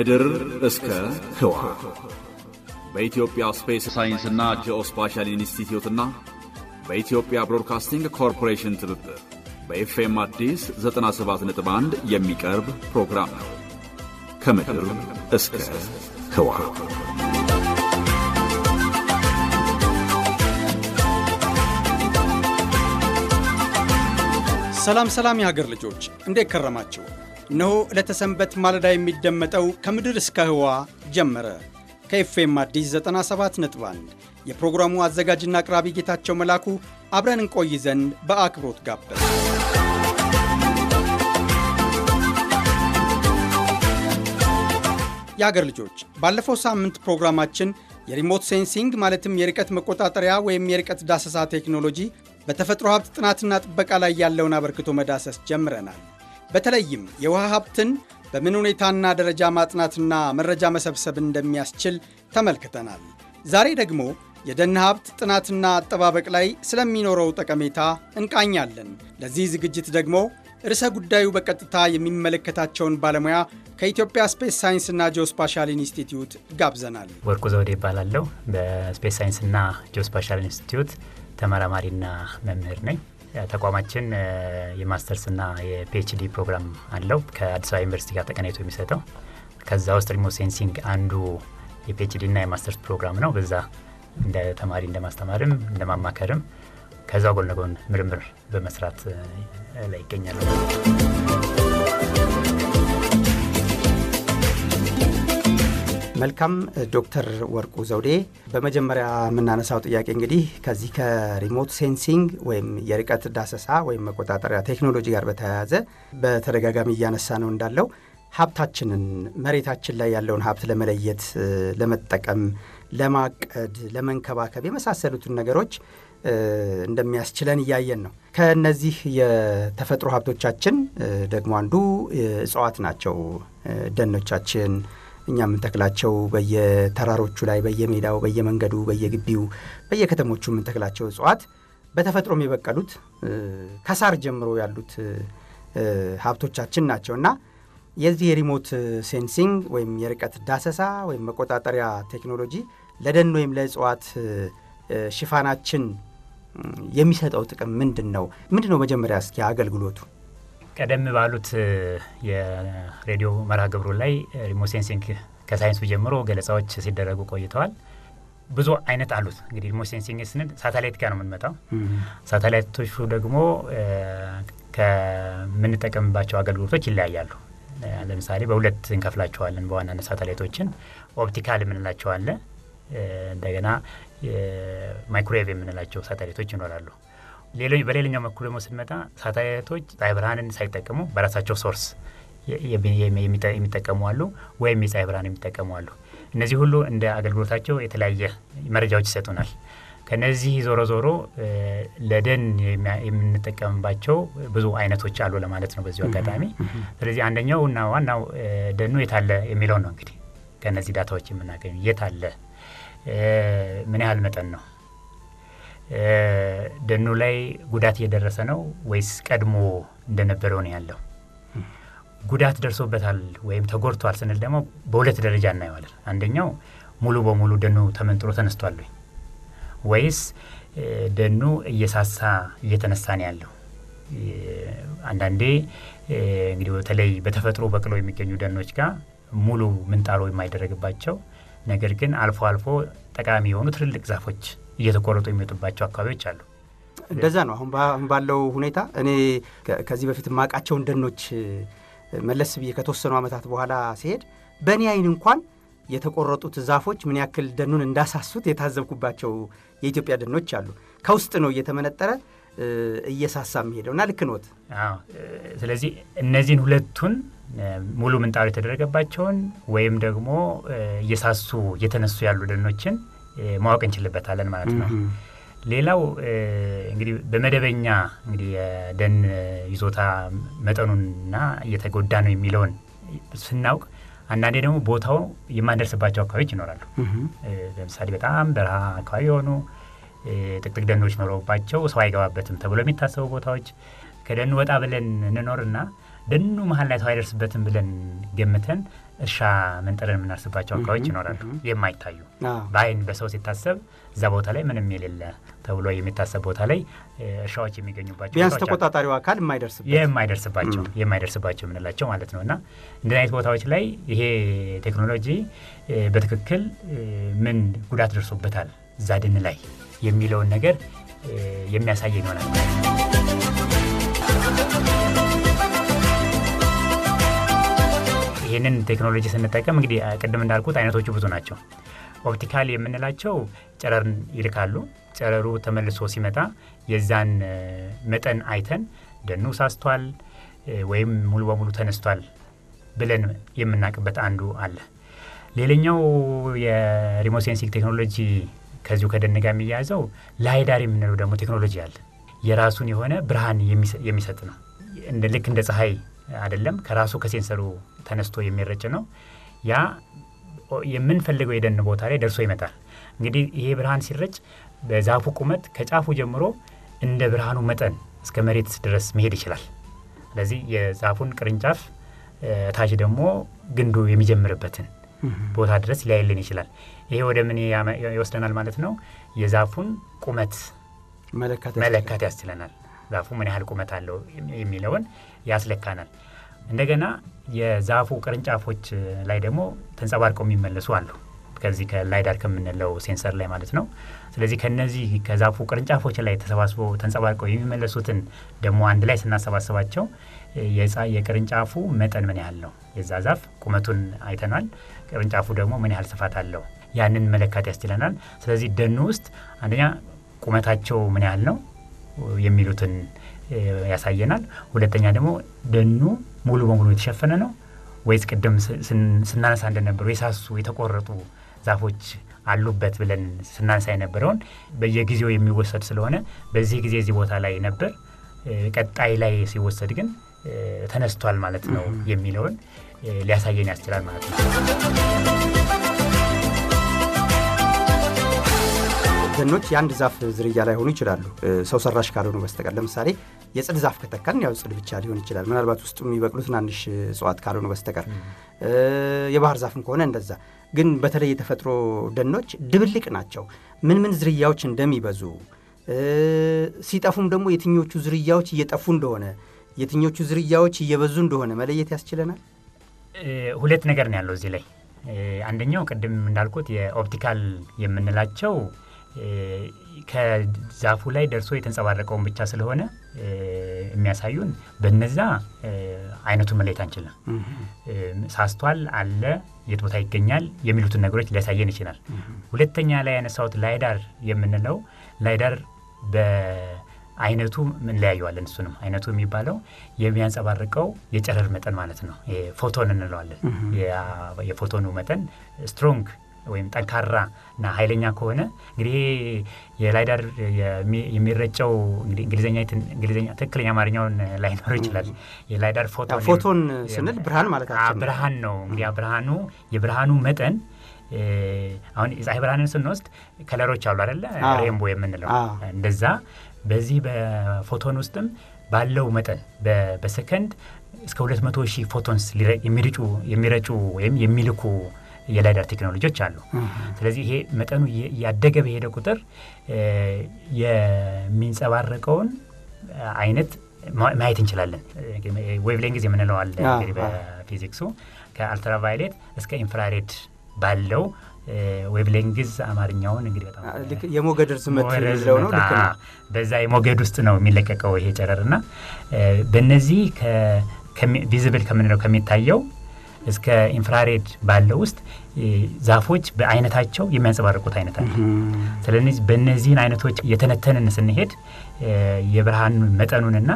ከምድር እስከ ህዋ በኢትዮጵያ ስፔስ ሳይንስና ጂኦስፓሻል ኢንስቲትዩትና በኢትዮጵያ ብሮድካስቲንግ ኮርፖሬሽን ትብብር በኤፍኤም አዲስ 97.1 የሚቀርብ ፕሮግራም ነው። ከምድር እስከ ህዋ ሰላም ሰላም፣ የሀገር ልጆች እንዴት ከረማችሁ? እነሆ ለተሰንበት ማለዳ የሚደመጠው ከምድር እስከ ህዋ ጀመረ። ከኤፍኤም አዲስ 97.1 የፕሮግራሙ አዘጋጅና አቅራቢ ጌታቸው መላኩ አብረን እንቆይ ዘንድ በአክብሮት ጋበዝ። የአገር ልጆች ባለፈው ሳምንት ፕሮግራማችን የሪሞት ሴንሲንግ ማለትም የርቀት መቆጣጠሪያ ወይም የርቀት ዳሰሳ ቴክኖሎጂ በተፈጥሮ ሀብት ጥናትና ጥበቃ ላይ ያለውን አበርክቶ መዳሰስ ጀምረናል። በተለይም የውሃ ሀብትን በምን ሁኔታና ደረጃ ማጥናትና መረጃ መሰብሰብ እንደሚያስችል ተመልክተናል። ዛሬ ደግሞ የደን ሀብት ጥናትና አጠባበቅ ላይ ስለሚኖረው ጠቀሜታ እንቃኛለን። ለዚህ ዝግጅት ደግሞ ርዕሰ ጉዳዩ በቀጥታ የሚመለከታቸውን ባለሙያ ከኢትዮጵያ ስፔስ ሳይንስና ጂኦስፓሻል ኢንስቲትዩት ጋብዘናል። ወርቁ ዘውዴ ይባላለሁ። በስፔስ ሳይንስና ጂኦስፓሻል ኢንስቲትዩት ተመራማሪና መምህር ነኝ። ተቋማችን የማስተርስና የፒኤችዲ ፕሮግራም አለው ከአዲስ አበባ ዩኒቨርሲቲ ጋር ተቀናይቶ የሚሰጠው ከዛ ውስጥ ሪሞት ሴንሲንግ አንዱ የፒኤችዲ ና የማስተርስ ፕሮግራም ነው። በዛ እንደ ተማሪ እንደ ማስተማርም እንደ ማማከርም ከዛ ጎን ለጎን ምርምር በመስራት ላይ ይገኛሉ። መልካም ዶክተር ወርቁ ዘውዴ፣ በመጀመሪያ የምናነሳው ጥያቄ እንግዲህ ከዚህ ከሪሞት ሴንሲንግ ወይም የርቀት ዳሰሳ ወይም መቆጣጠሪያ ቴክኖሎጂ ጋር በተያያዘ በተደጋጋሚ እያነሳ ነው እንዳለው ሀብታችንን መሬታችን ላይ ያለውን ሀብት ለመለየት፣ ለመጠቀም፣ ለማቀድ፣ ለመንከባከብ የመሳሰሉትን ነገሮች እንደሚያስችለን እያየን ነው። ከእነዚህ የተፈጥሮ ሀብቶቻችን ደግሞ አንዱ እጽዋት ናቸው። ደኖቻችን እኛ የምንተክላቸው በየተራሮቹ ላይ በየሜዳው፣ በየመንገዱ፣ በየግቢው፣ በየከተሞቹ የምንተክላቸው እጽዋት በተፈጥሮም የበቀሉት ከሳር ጀምሮ ያሉት ሀብቶቻችን ናቸው እና የዚህ የሪሞት ሴንሲንግ ወይም የርቀት ዳሰሳ ወይም መቆጣጠሪያ ቴክኖሎጂ ለደን ወይም ለእጽዋት ሽፋናችን የሚሰጠው ጥቅም ምንድን ነው? ምንድን ነው መጀመሪያ እስኪ አገልግሎቱ ቀደም ባሉት የሬዲዮ መርሃ ግብሩ ላይ ሪሞሴንሲንግ ከሳይንሱ ጀምሮ ገለጻዎች ሲደረጉ ቆይተዋል። ብዙ አይነት አሉት። እንግዲህ ሪሞሴንሲንግ ስንል ሳተላይት ጋር ነው የምንመጣው። ሳተላይቶቹ ደግሞ ከምንጠቀምባቸው አገልግሎቶች ይለያያሉ። ለምሳሌ በሁለት እንከፍላቸዋለን በዋናነት ሳተላይቶችን ኦፕቲካል የምንላቸው አለ። እንደገና ማይክሮዌቭ የምንላቸው ሳተላይቶች ይኖራሉ። በሌላኛው በኩል ደግሞ ስንመጣ ሳተላይቶች ፀሐይ ብርሃንን ሳይጠቀሙ በራሳቸው ሶርስ የሚጠቀሙ አሉ፣ ወይም የፀሐይ ብርሃን የሚጠቀሙ አሉ። እነዚህ ሁሉ እንደ አገልግሎታቸው የተለያየ መረጃዎች ይሰጡናል። ከነዚህ ዞሮ ዞሮ ለደን የምንጠቀምባቸው ብዙ አይነቶች አሉ ለማለት ነው በዚሁ አጋጣሚ። ስለዚህ አንደኛው እና ዋናው ደኑ የታለ የሚለው ነው እንግዲህ ከነዚህ ዳታዎች የምናገኙ የት አለ ምን ያህል መጠን ነው ደኑ ላይ ጉዳት እየደረሰ ነው ወይስ ቀድሞ እንደነበረው ነው ያለው? ጉዳት ደርሶበታል ወይም ተጎድቷል ስንል ደግሞ በሁለት ደረጃ እናየዋለን። አንደኛው ሙሉ በሙሉ ደኑ ተመንጥሮ ተነስቷል ወይስ ደኑ እየሳሳ እየተነሳ ነው ያለው? አንዳንዴ እንግዲህ በተለይ በተፈጥሮ በቅሎ የሚገኙ ደኖች ጋር ሙሉ ምንጣሮ የማይደረግባቸው ነገር ግን አልፎ አልፎ ጠቃሚ የሆኑ ትልልቅ ዛፎች እየተቆረጡ የሚወጡባቸው አካባቢዎች አሉ። እንደዛ ነው። አሁን ባለው ሁኔታ እኔ ከዚህ በፊት የማውቃቸውን ደኖች መለስ ብዬ ከተወሰኑ ዓመታት በኋላ ሲሄድ በእኔ አይን እንኳን የተቆረጡት ዛፎች ምን ያክል ደኑን እንዳሳሱት የታዘብኩባቸው የኢትዮጵያ ደኖች አሉ። ከውስጥ ነው እየተመነጠረ እየሳሳ የሚሄደው እና ልክ ኖት። ስለዚህ እነዚህን ሁለቱን ሙሉ ምንጣሩ የተደረገባቸውን ወይም ደግሞ እየሳሱ እየተነሱ ያሉ ደኖችን ማወቅ እንችልበታለን ማለት ነው። ሌላው እንግዲህ በመደበኛ እንግዲህ የደን ይዞታ መጠኑንና እየተጎዳ ነው የሚለውን ስናውቅ አንዳንዴ ደግሞ ቦታው የማንደርስባቸው አካባቢዎች ይኖራሉ። ለምሳሌ በጣም በረሃ አካባቢ የሆኑ ጥቅጥቅ ደኖች ኖረውባቸው ሰው አይገባበትም ተብሎ የሚታሰቡ ቦታዎች ከደኑ ወጣ ብለን እንኖርና ደኑ መሀል ላይ ሰው አይደርስበትም ብለን ገምተን እርሻ መንጠረን የምናርስባቸው አካባቢዎች ይኖራሉ፣ የማይታዩ በአይን በሰው ሲታሰብ እዛ ቦታ ላይ ምንም የሌለ ተብሎ የሚታሰብ ቦታ ላይ እርሻዎች የሚገኙባቸው ቢያንስ ተቆጣጣሪው አካል የማይደርስባቸው የማይደርስባቸው የምንላቸው ማለት ነው። እና እንደዚህ አይነት ቦታዎች ላይ ይሄ ቴክኖሎጂ በትክክል ምን ጉዳት ደርሶበታል እዛ ደን ላይ የሚለውን ነገር የሚያሳየን ይሆናል። ይህንን ቴክኖሎጂ ስንጠቀም እንግዲህ ቅድም እንዳልኩት አይነቶቹ ብዙ ናቸው። ኦፕቲካል የምንላቸው ጨረርን ይልካሉ። ጨረሩ ተመልሶ ሲመጣ የዛን መጠን አይተን ደኑ ሳስቷል ወይም ሙሉ በሙሉ ተነስቷል ብለን የምናውቅበት አንዱ አለ። ሌላኛው የሪሞት ቴክኖሎጂ ከዚሁ ከደን ጋር የሚያያዘው ላይዳር የምንለው ደግሞ ቴክኖሎጂ አለ። የራሱን የሆነ ብርሃን የሚሰጥ ነው። ልክ እንደ ፀሐይ አይደለም። ከራሱ ከሴንሰሩ ተነስቶ የሚረጭ ነው። ያ የምንፈልገው የደን ቦታ ላይ ደርሶ ይመጣል። እንግዲህ ይሄ ብርሃን ሲረጭ በዛፉ ቁመት ከጫፉ ጀምሮ እንደ ብርሃኑ መጠን እስከ መሬት ድረስ መሄድ ይችላል። ስለዚህ የዛፉን ቅርንጫፍ ታች ደግሞ ግንዱ የሚጀምርበትን ቦታ ድረስ ሊያይልን ይችላል። ይሄ ወደ ምን ይወስደናል ማለት ነው? የዛፉን ቁመት መለካት ያስችለናል። ዛፉ ምን ያህል ቁመት አለው የሚለውን ያስለካናል። እንደገና የዛፉ ቅርንጫፎች ላይ ደግሞ ተንጸባርቀው የሚመለሱ አሉ ከዚህ ከላይዳር ከምንለው ሴንሰር ላይ ማለት ነው። ስለዚህ ከነዚህ ከዛፉ ቅርንጫፎች ላይ ተሰባስቦ ተንጸባርቀው የሚመለሱትን ደግሞ አንድ ላይ ስናሰባስባቸው የቅርንጫፉ መጠን ምን ያህል ነው? የዛ ዛፍ ቁመቱን አይተናል። ቅርንጫፉ ደግሞ ምን ያህል ስፋት አለው? ያንን መለካት ያስችለናል። ስለዚህ ደኑ ውስጥ አንደኛ ቁመታቸው ምን ያህል ነው የሚሉትን ያሳየናል። ሁለተኛ ደግሞ ደኑ ሙሉ በሙሉ የተሸፈነ ነው ወይስ ቅድም ስናነሳ እንደነበሩ የሳሱ የተቆረጡ ዛፎች አሉበት ብለን ስናነሳ የነበረውን በየጊዜው የሚወሰድ ስለሆነ በዚህ ጊዜ እዚህ ቦታ ላይ ነበር፣ ቀጣይ ላይ ሲወሰድ ግን ተነስቷል ማለት ነው የሚለውን ሊያሳየን ያስችላል ማለት ነው። ደኖች የአንድ ዛፍ ዝርያ ሆኑ ይችላሉ ሰው ሰራሽ ካልሆኑ በስተቀር ለምሳሌ የጽድ ዛፍ ከተካልን ያው ጽድ ብቻ ሊሆን ይችላል። ምናልባት ውስጡ የሚበቅሉ ትናንሽ እጽዋት ካልሆኑ በስተቀር የባህር ዛፍም ከሆነ እንደዛ። ግን በተለይ የተፈጥሮ ደኖች ድብልቅ ናቸው። ምን ምን ዝርያዎች እንደሚበዙ ሲጠፉም ደግሞ የትኞቹ ዝርያዎች እየጠፉ እንደሆነ የትኞቹ ዝርያዎች እየበዙ እንደሆነ መለየት ያስችለናል። ሁለት ነገር ነው ያለው እዚህ ላይ። አንደኛው ቅድም እንዳልኩት የኦፕቲካል የምንላቸው ከዛፉ ላይ ደርሶ የተንጸባረቀውን ብቻ ስለሆነ የሚያሳዩን በነዛ አይነቱን መለየት አንችልም። ሳስቷል አለ የት ቦታ ይገኛል የሚሉትን ነገሮች ሊያሳየን ይችላል። ሁለተኛ ላይ ያነሳውት ላይዳር የምንለው ላይዳር በአይነቱ እንለያየዋለን። እሱንም አይነቱ የሚባለው የሚያንጸባርቀው የጨረር መጠን ማለት ነው። ፎቶን እንለዋለን። የፎቶኑ መጠን ስትሮንግ ወይም ጠንካራ እና ኃይለኛ ከሆነ እንግዲህ የላይዳር የሚረጨው እንግሊዝኛ ትክክለኛ አማርኛውን ላይኖር ይችላል። የላይዳር ፎቶን ስንል ብርሃን ማለታችን ብርሃን ነው። እንግዲህ ብርሃኑ የብርሃኑ መጠን አሁን የፀሐይ ብርሃንን ስንወስድ ከለሮች አሉ አደለ? ሬምቦ የምንለው እንደዛ በዚህ በፎቶን ውስጥም ባለው መጠን በሰከንድ እስከ ሁለት መቶ ሺህ ፎቶንስ የሚርጩ የሚረጩ ወይም የሚልኩ የላይዳር ቴክኖሎጂዎች አሉ። ስለዚህ ይሄ መጠኑ ያደገ በሄደ ቁጥር የሚንጸባረቀውን አይነት ማየት እንችላለን። ዌቭሌንግዝ የምንለው አለ እንግዲህ በፊዚክሱ ከአልትራቫይሌት እስከ ኢንፍራሬድ ባለው ዌቭሌንግዝ አማርኛውን እንግዲህ በጣም የሞገድ ርዝመት ነው። በዛ የሞገድ ውስጥ ነው የሚለቀቀው ይሄ ጨረር እና በእነዚህ ቪዝብል ከምንለው ከሚታየው እስከ ኢንፍራሬድ ባለው ውስጥ ዛፎች በአይነታቸው የሚያንጸባርቁት አይነት አለ። ስለዚህ በእነዚህን አይነቶች እየተነተንን ስንሄድ የብርሃን መጠኑንና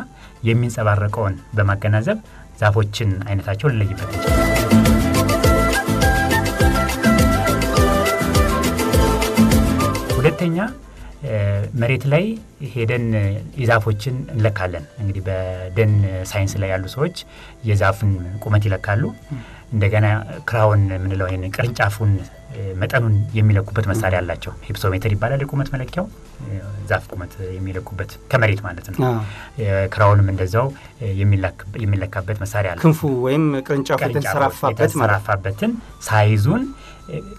የሚንጸባረቀውን በማገናዘብ ዛፎችን አይነታቸው ልለይበት ይችላል። ሁለተኛ መሬት ላይ ሄደን የዛፎችን እንለካለን። እንግዲህ በደን ሳይንስ ላይ ያሉ ሰዎች የዛፍን ቁመት ይለካሉ። እንደገና ክራውን የምንለው ይሄን ቅርንጫፉን መጠኑን የሚለኩበት መሳሪያ አላቸው። ሂፕሶሜትር ይባላል የቁመት መለኪያው፣ ዛፍ ቁመት የሚለኩበት ከመሬት ማለት ነው። ክራውንም እንደዛው የሚለካበት መሳሪያ አለ። ክንፉ ወይም ቅርንጫፉ የተንሰራፋበትን ሳይዙን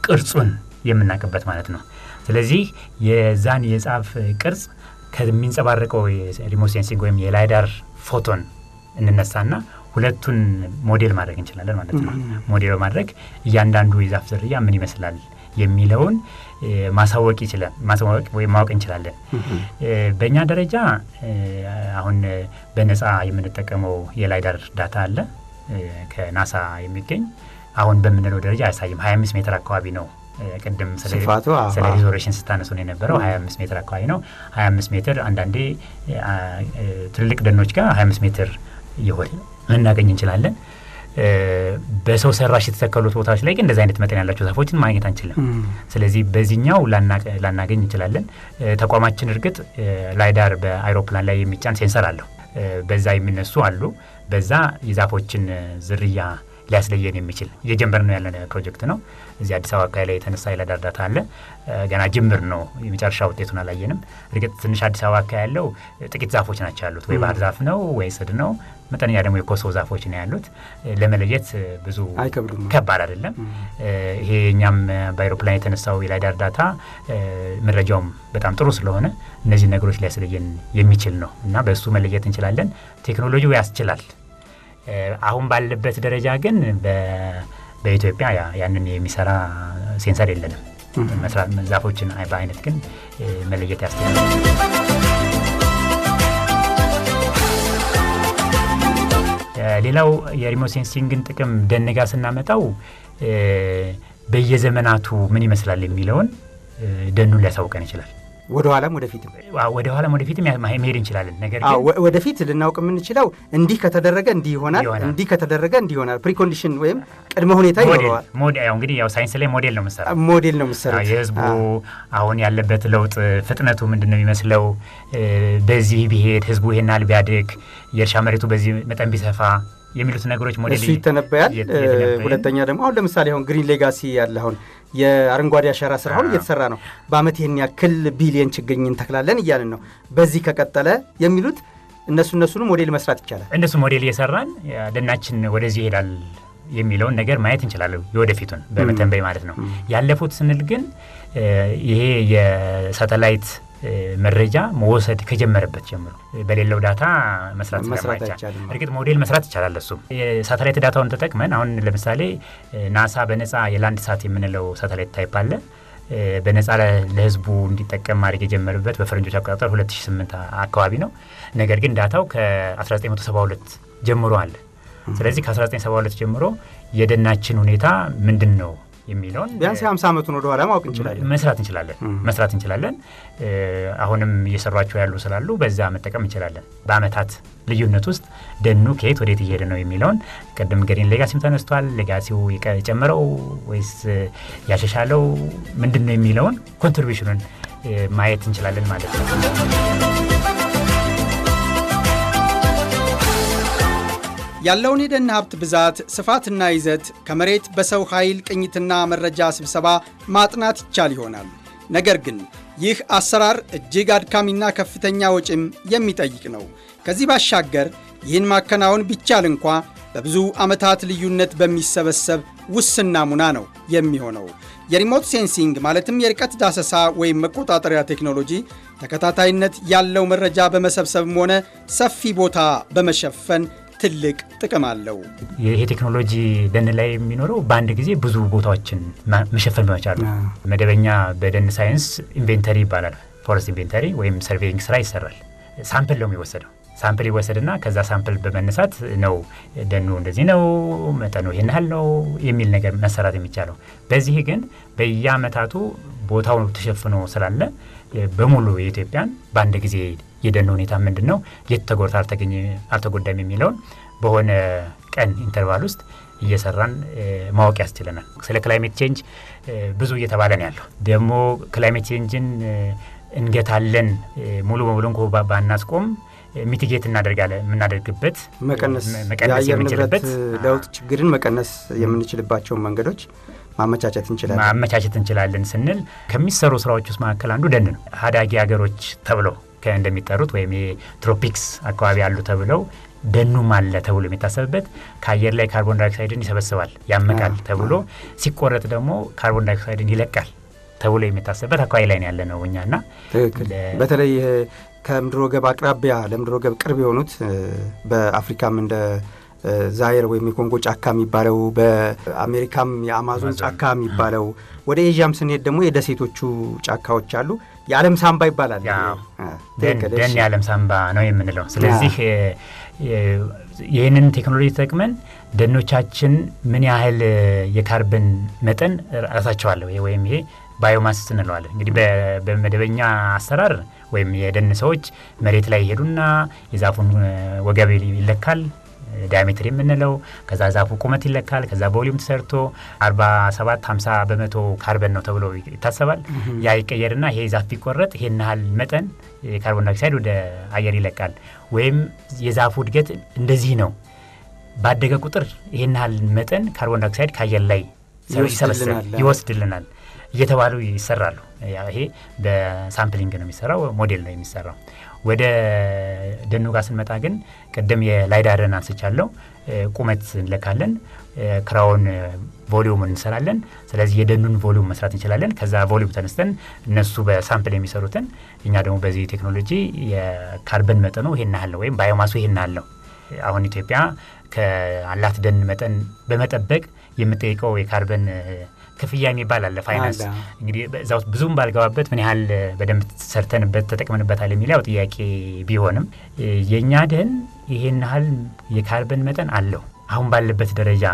ቅርጹን የምናውቅበት ማለት ነው። ስለዚህ የዛን የጻፍ ቅርጽ ከሚንጸባረቀው ሪሞሴንሲንግ ወይም የላይዳር ፎቶን እንነሳና ሁለቱን ሞዴል ማድረግ እንችላለን ማለት ነው። ሞዴል በማድረግ እያንዳንዱ የዛፍ ዝርያ ምን ይመስላል የሚለውን ማሳወቅ ይችላል ማሳወቅ ወይም ማወቅ እንችላለን። በእኛ ደረጃ አሁን በነፃ የምንጠቀመው የላይዳር ዳታ አለ ከናሳ የሚገኝ አሁን በምንለው ደረጃ አያሳይም። 25 ሜትር አካባቢ ነው ቅድም ስለ ስታነሱ ነው የነበረው 25 ሜትር አካባቢ ነው። አምስት ሜትር አንዳንዴ ትልልቅ ደኖች ጋር አምስት ሜትር ይሆን ልናገኝ እንችላለን። በሰው ሰራሽ የተተከሉት ቦታዎች ላይ ግን እንደዚ አይነት መጠን ያላቸው ዛፎችን ማግኘት አንችልም። ስለዚህ በዚህኛው ላናገኝ እንችላለን። ተቋማችን እርግጥ ላይዳር በአይሮፕላን ላይ የሚጫን ሴንሰር አለው። በዛ የሚነሱ አሉ። በዛ የዛፎችን ዝርያ ሊያስለየን የሚችል እየጀመር ነው ያለ ፕሮጀክት ነው። እዚህ አዲስ አበባ አካባቢ ላይ የተነሳ ይለ ዳርዳታ አለ። ገና ጅምር ነው፣ የመጨረሻ ውጤቱን አላየንም። እርግጥ ትንሽ አዲስ አበባ አካባቢ ያለው ጥቂት ዛፎች ናቸው ያሉት፣ ወይ ባህር ዛፍ ነው ወይ ስድ ነው። መጠነኛ ደግሞ የኮሶ ዛፎች ነው ያሉት። ለመለየት ብዙ ከባድ አይደለም። ይሄ እኛም በአይሮፕላን የተነሳው የላዳ እርዳታ መረጃውም በጣም ጥሩ ስለሆነ እነዚህ ነገሮች ሊያስለየን የሚችል ነው እና በእሱ መለየት እንችላለን። ቴክኖሎጂ ያስችላል። አሁን ባለበት ደረጃ ግን በኢትዮጵያ ያንን የሚሰራ ሴንሰር የለንም። መስራት ዛፎችን በአይነት ግን መለየት ያስችላል። ሌላው የሪሞ ሴንሲንግን ጥቅም ደን ጋ ስናመጣው በየዘመናቱ ምን ይመስላል የሚለውን ደኑን ሊያሳውቀን ይችላል። ወደኋላም ወደፊትም ወደኋላም ወደፊት መሄድ እንችላለን። ነገር ግን ወደፊት ልናውቅ የምንችለው እንዲህ ከተደረገ እንዲህ ይሆናል፣ እንዲህ ከተደረገ እንዲህ ይሆናል። ፕሪኮንዲሽን ወይም ቅድመ ሁኔታ ይኖረዋል። እንግዲህ ያው ሳይንስ ላይ ሞዴል ነው የምሰራው ሞዴል ነው የምሰራው። የህዝቡ አሁን ያለበት ለውጥ ፍጥነቱ ምንድን ነው የሚመስለው? በዚህ ቢሄድ ህዝቡ ይሄናል ቢያድግ፣ የእርሻ መሬቱ በዚህ መጠን ቢሰፋ የሚሉት ነገሮች ሞዴል እሱ ይተነበያል። ሁለተኛ ደግሞ አሁን ለምሳሌ አሁን ግሪን ሌጋሲ ያለ አሁን የአረንጓዴ አሻራ ስራ አሁን እየተሰራ ነው። በአመት ይህን ያክል ቢሊየን ችግኝ እንተክላለን እያልን ነው። በዚህ ከቀጠለ የሚሉት እነሱ እነሱን ሞዴል መስራት ይቻላል። እነሱ ሞዴል እየሰራን ደናችን ወደዚህ ይሄዳል የሚለውን ነገር ማየት እንችላለን። የወደፊቱን በመተንበይ ማለት ነው። ያለፉት ስንል ግን ይሄ የሳተላይት መረጃ መወሰድ ከጀመረበት ጀምሮ በሌለው ዳታ መስራት ስለማይቻል እርግጥ ሞዴል መስራት ይቻላል። እሱም የሳተላይት ዳታውን ተጠቅመን አሁን ለምሳሌ ናሳ በነፃ የላንድ ሳት የምንለው ሳተላይት ታይፕ አለ። ለህዝቡ እንዲጠቀም ማድረግ የጀመረበት በፈረንጆች አቆጣጠር 2008 አካባቢ ነው። ነገር ግን ዳታው ከ1972 ጀምሮ አለ። ስለዚህ ከ1972 ጀምሮ የደናችን ሁኔታ ምንድን ነው የሚለውን ቢያንስ የሀምሳ ዓመቱን ወደ ኋላ ማወቅ እንችላለን መስራት እንችላለን መስራት እንችላለን። አሁንም እየሰሯቸው ያሉ ስላሉ በዛ መጠቀም እንችላለን። በአመታት ልዩነት ውስጥ ደኑ ከየት ወዴት እየሄደ ነው የሚለውን ቅድም ገሪን ሌጋሲም ተነስቷል። ሌጋሲው የጨመረው ወይስ ያሻሻለው ምንድን ነው የሚለውን ኮንትሪቢሽኑን ማየት እንችላለን ማለት ነው። ያለውን የደን ሀብት ብዛት ስፋትና ይዘት ከመሬት በሰው ኃይል ቅኝትና መረጃ ስብሰባ ማጥናት ይቻል ይሆናል። ነገር ግን ይህ አሰራር እጅግ አድካሚና ከፍተኛ ወጪም የሚጠይቅ ነው። ከዚህ ባሻገር ይህን ማከናወን ቢቻል እንኳ በብዙ ዓመታት ልዩነት በሚሰበሰብ ውስን ናሙና ነው የሚሆነው። የሪሞት ሴንሲንግ ማለትም የርቀት ዳሰሳ ወይም መቆጣጠሪያ ቴክኖሎጂ ተከታታይነት ያለው መረጃ በመሰብሰብም ሆነ ሰፊ ቦታ በመሸፈን ትልቅ ጥቅም አለው። ይሄ ቴክኖሎጂ ደን ላይ የሚኖረው በአንድ ጊዜ ብዙ ቦታዎችን መሸፈን መቻሉ መደበኛ በደን ሳይንስ ኢንቬንተሪ ይባላል። ፎረስት ኢንቬንተሪ ወይም ሰርቬይንግ ስራ ይሰራል። ሳምፕል ነው የሚወሰደው ሳምፕል ይወሰድና ከዛ ሳምፕል በመነሳት ነው ደኑ እንደዚህ ነው መጠኑ ይህን ያህል ነው የሚል ነገር መሰራት የሚቻለው። በዚህ ግን በየአመታቱ ቦታው ተሸፍኖ ስላለ በሙሉ የኢትዮጵያን በአንድ ጊዜ የደን ሁኔታ ምንድን ነው፣ የት ተጎድታ አልተጎዳም የሚለውን በሆነ ቀን ኢንተርቫል ውስጥ እየሰራን ማወቅ ያስችለናል። ስለ ክላይሜት ቼንጅ ብዙ እየተባለ ነው ያለው። ደግሞ ክላይሜት ቼንጅን እንገታለን ሙሉ በሙሉ እንኮ ባናስቆም ሚቲጌት እናደርጋለ የምናደርግበት መቀነስ ንብረት ለውጥ ችግርን መቀነስ የምንችልባቸውን መንገዶች ማመቻቸት እንችላለን ማመቻቸት እንችላለን ስንል ከሚሰሩ ስራዎች ውስጥ መካከል አንዱ ደን ነው። አዳጊ ሀገሮች ተብለው ኢትዮጵያ እንደሚጠሩት ወይም ትሮፒክስ አካባቢ አሉ ተብለው ደኑም አለ ተብሎ የሚታሰብበት ከአየር ላይ ካርቦን ዳይኦክሳይድን ይሰበስባል፣ ያመቃል ተብሎ ሲቆረጥ ደግሞ ካርቦን ዳይኦክሳይድን ይለቃል ተብሎ የሚታሰብበት አካባቢ ላይ ነው ያለ ነው። እኛ ና በተለይ ከምድሮ ገብ አቅራቢያ ለምድሮ ገብ ቅርብ የሆኑት በአፍሪካም እንደ ዛይር ወይም የኮንጎ ጫካ የሚባለው በአሜሪካም የአማዞን ጫካ የሚባለው ወደ ኤዥያም ስንሄድ ደግሞ የደሴቶቹ ጫካዎች አሉ። የዓለም ሳምባ ይባላል። ደን የዓለም ሳምባ ነው የምንለው። ስለዚህ ይህንን ቴክኖሎጂ ተጠቅመን ደኖቻችን ምን ያህል የካርበን መጠን ራሳቸው አለ ወይም ይሄ ባዮማስ እንለዋለን። እንግዲህ በመደበኛ አሰራር ወይም የደን ሰዎች መሬት ላይ ይሄዱና የዛፉን ወገብ ይለካል ዳያሜትር የምንለው ከዛ ዛፉ ቁመት ይለካል። ከዛ በቮሊዩም ተሰርቶ 47 50 በመቶ ካርበን ነው ተብሎ ይታሰባል። ያ ይቀየርና ይሄ ዛፍ ቢቆረጥ ይሄን ያህል መጠን የካርቦን ዳይኦክሳይድ ወደ አየር ይለቃል። ወይም የዛፉ እድገት እንደዚህ ነው፣ ባደገ ቁጥር ይሄን ያህል መጠን ካርቦን ዳይኦክሳይድ ከአየር ላይ ይወስድልናል እየተባሉ ይሰራሉ። ይሄ በሳምፕሊንግ ነው የሚሰራው፣ ሞዴል ነው የሚሰራው። ወደ ደኑ ጋር ስንመጣ ግን ቅድም የላይዳርን አንስቻለው ቁመት እንለካለን፣ ክራውን ቮሊዩም እንሰራለን። ስለዚህ የደኑን ቮሊዩም መስራት እንችላለን። ከዛ ቮሊዩም ተነስተን እነሱ በሳምፕል የሚሰሩትን እኛ ደግሞ በዚህ ቴክኖሎጂ የካርበን መጠኑ ይሄናለሁ ወይም ባዮማሱ ይሄናለሁ አሁን ኢትዮጵያ ከአላት ደን መጠን በመጠበቅ የምጠይቀው የካርበን ክፍያ የሚባል አለ ፋይናንስ። እንግዲህ እዛ ውስጥ ብዙም ባልገባበት ምን ያህል በደንብ ሰርተንበት ተጠቅመንበታል ያው ጥያቄ ቢሆንም የእኛ ደን ይሄን ያህል የካርበን መጠን አለው አሁን ባለበት ደረጃ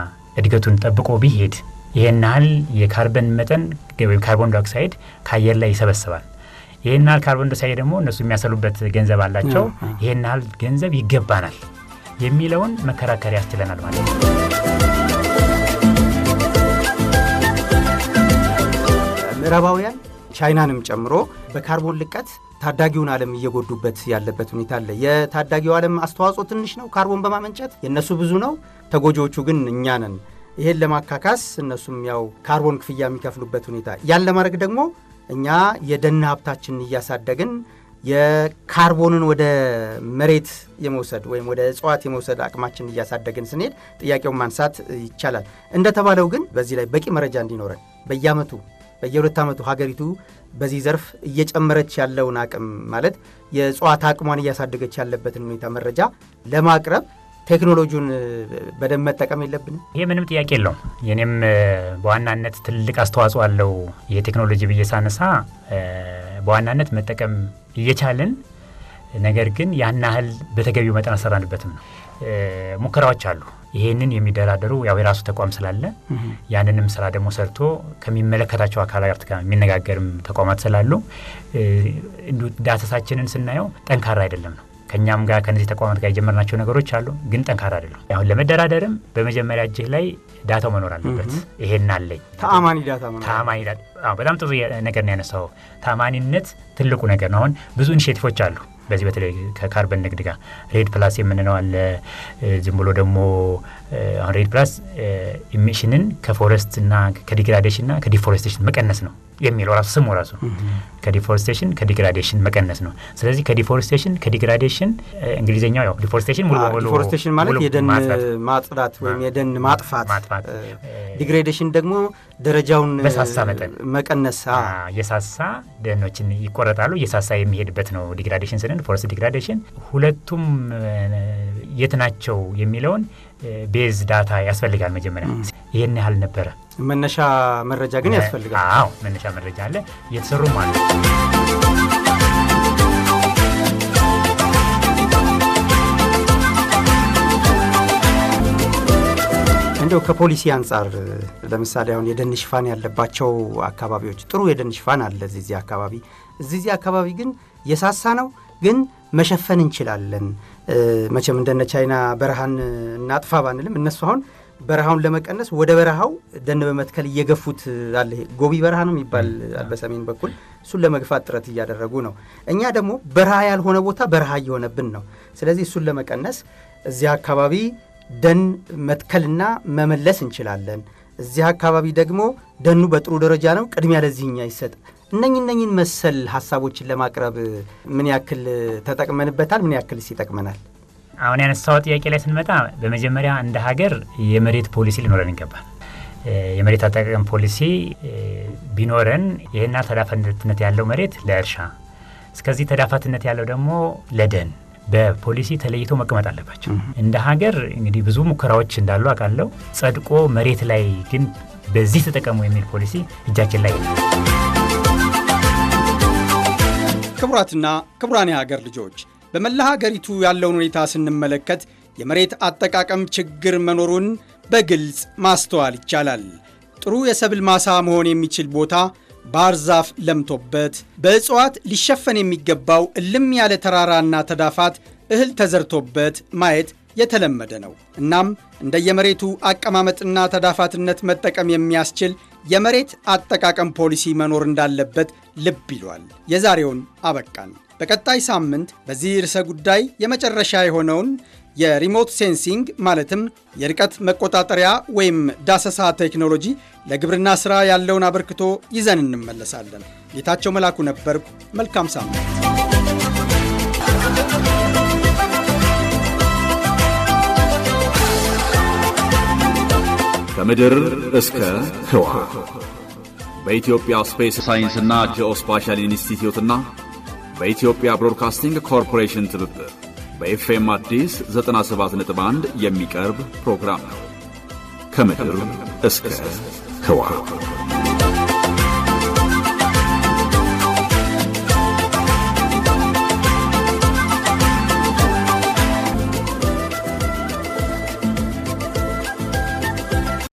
እድገቱን ጠብቆ ቢሄድ ይሄን ያህል የካርበን መጠን ወይም ካርቦን ዳይኦክሳይድ ከአየር ላይ ይሰበስባል። ይሄን ያህል ካርቦን ዳይኦክሳይድ ደግሞ እነሱ የሚያሰሉበት ገንዘብ አላቸው። ይሄን ያህል ገንዘብ ይገባናል የሚለውን መከራከር ያስችለናል ማለት ነው። ምዕራባውያን ቻይናንም ጨምሮ በካርቦን ልቀት ታዳጊውን ዓለም እየጎዱበት ያለበት ሁኔታ አለ። የታዳጊው ዓለም አስተዋጽኦ ትንሽ ነው፣ ካርቦን በማመንጨት የእነሱ ብዙ ነው። ተጎጂዎቹ ግን እኛ ነን። ይሄን ለማካካስ እነሱም ያው ካርቦን ክፍያ የሚከፍሉበት ሁኔታ ያን ለማድረግ ደግሞ እኛ የደን ሀብታችንን እያሳደግን የካርቦንን ወደ መሬት የመውሰድ ወይም ወደ እጽዋት የመውሰድ አቅማችን እያሳደግን ስንሄድ ጥያቄውን ማንሳት ይቻላል። እንደተባለው ግን በዚህ ላይ በቂ መረጃ እንዲኖረን በየዓመቱ በየሁለት ዓመቱ ሀገሪቱ በዚህ ዘርፍ እየጨመረች ያለውን አቅም ማለት የእጽዋት አቅሟን እያሳደገች ያለበትን ሁኔታ መረጃ ለማቅረብ ቴክኖሎጂውን በደንብ መጠቀም የለብንም? ይሄ ምንም ጥያቄ የለውም። የኔም በዋናነት ትልቅ አስተዋጽኦ አለው ይሄ ቴክኖሎጂ ብዬ ሳነሳ በዋናነት መጠቀም እየቻልን ነገር ግን ያን ያህል በተገቢው መጠን አሰራንበትም ነው። ሙከራዎች አሉ ይሄንን የሚደራደሩ ያው የራሱ ተቋም ስላለ ያንንም ስራ ደግሞ ሰርቶ ከሚመለከታቸው አካል ጋር የሚነጋገርም ተቋማት ስላሉ ዳሰሳችንን ስናየው ጠንካራ አይደለም ነው። ከእኛም ጋር ከነዚህ ተቋማት ጋር የጀመርናቸው ነገሮች አሉ፣ ግን ጠንካራ አይደለም። አሁን ለመደራደርም በመጀመሪያ እጅህ ላይ ዳታው መኖር አለበት። ይሄን አለኝ ተአማኒ ዳታ በጣም ጥሩ ነገር ነው ያነሳው። ተአማኒነት ትልቁ ነገር ነው። አሁን ብዙ ኢኒሼቲቮች አሉ በዚህ በተለይ ከካርበን ንግድ ጋር ሬድ ፕላስ የምንለው አለ። ዝም ብሎ ደግሞ አሁን ሬድ ፕላስ ኢሚሽንን ከፎረስትና ከዲግራዴሽንና ከዲፎረስቴሽን መቀነስ ነው። የሚለው ራሱ ስሙ ራሱ ነው ከዲግራዴሽን መቀነስ ነው። ስለዚህ ከዲፎሬስቴሽን ከዲግራዴሽን እንግሊዝኛው ያው ዲፎሬስቴሽን ሙሉ በሙሉ ዲፎሬስቴሽን ማለት የደን ማጽዳት ወይም የደን ማጥፋት፣ ዲግራዴሽን ደግሞ ደረጃውን በሳሳ መጠን መቀነስ፣ የሳሳ ደኖችን ይቆረጣሉ። የሳሳ የሚሄድበት ነው ዲግራዴሽን ስንል ፎረስት ዲግራዴሽን። ሁለቱም የት ናቸው የሚለውን ቤዝ ዳታ ያስፈልጋል መጀመሪያ ይህን ያህል ነበረ መነሻ መረጃ ግን ያስፈልጋል። መነሻ መረጃ አለ፣ እየተሰሩ አሉ። እንደው ከፖሊሲ አንጻር ለምሳሌ አሁን የደን ሽፋን ያለባቸው አካባቢዎች ጥሩ የደን ሽፋን አለ እዚህ አካባቢ እዚህ አካባቢ ግን የሳሳ ነው ግን መሸፈን እንችላለን። መቼም እንደነ ቻይና በረሃን እናጥፋ ባንልም እነሱ አሁን በረሃውን ለመቀነስ ወደ በረሃው ደን በመትከል እየገፉት አለ። ጎቢ በረሃ ነው የሚባል በሰሜን በኩል እሱን ለመግፋት ጥረት እያደረጉ ነው። እኛ ደግሞ በረሃ ያልሆነ ቦታ በረሃ እየሆነብን ነው። ስለዚህ እሱን ለመቀነስ እዚህ አካባቢ ደን መትከልና መመለስ እንችላለን። እዚህ አካባቢ ደግሞ ደኑ በጥሩ ደረጃ ነው፣ ቅድሚያ ለዚህኛ ይሰጥ። እነኝ እነኝን መሰል ሀሳቦችን ለማቅረብ ምን ያክል ተጠቅመንበታል? ምን ያክልስ ይጠቅመናል? አሁን ያነሳው ጥያቄ ላይ ስንመጣ በመጀመሪያ እንደ ሀገር የመሬት ፖሊሲ ሊኖረን ይገባል። የመሬት አጠቃቀም ፖሊሲ ቢኖረን ይህና ተዳፋትነት ያለው መሬት ለእርሻ እስከዚህ ተዳፋትነት ያለው ደግሞ ለደን በፖሊሲ ተለይቶ መቀመጥ አለባቸው። እንደ ሀገር እንግዲህ ብዙ ሙከራዎች እንዳሉ አውቃለሁ። ጸድቆ መሬት ላይ ግን በዚህ ተጠቀሙ የሚል ፖሊሲ እጃችን ላይ ክቡራትና ክቡራን የሀገር ልጆች በመላ ሀገሪቱ ያለውን ሁኔታ ስንመለከት የመሬት አጠቃቀም ችግር መኖሩን በግልጽ ማስተዋል ይቻላል። ጥሩ የሰብል ማሳ መሆን የሚችል ቦታ ባህር ዛፍ ለምቶበት በእጽዋት ሊሸፈን የሚገባው እልም ያለ ተራራና ተዳፋት እህል ተዘርቶበት ማየት የተለመደ ነው። እናም እንደየመሬቱ አቀማመጥና ተዳፋትነት መጠቀም የሚያስችል የመሬት አጠቃቀም ፖሊሲ መኖር እንዳለበት ልብ ይሏል። የዛሬውን አበቃን። በቀጣይ ሳምንት በዚህ ርዕሰ ጉዳይ የመጨረሻ የሆነውን የሪሞት ሴንሲንግ ማለትም የርቀት መቆጣጠሪያ ወይም ዳሰሳ ቴክኖሎጂ ለግብርና ሥራ ያለውን አበርክቶ ይዘን እንመለሳለን። ጌታቸው መላኩ ነበርኩ። መልካም ሳምንት። ከምድር እስከ ህዋ በኢትዮጵያ ስፔስ ሳይንስና ጂኦስፓሻል ኢንስቲትዩትና በኢትዮጵያ ብሮድካስቲንግ ኮርፖሬሽን ትብብር በኤፍኤም አዲስ 97.1 የሚቀርብ ፕሮግራም ነው። ከምድር እስከ ህዋ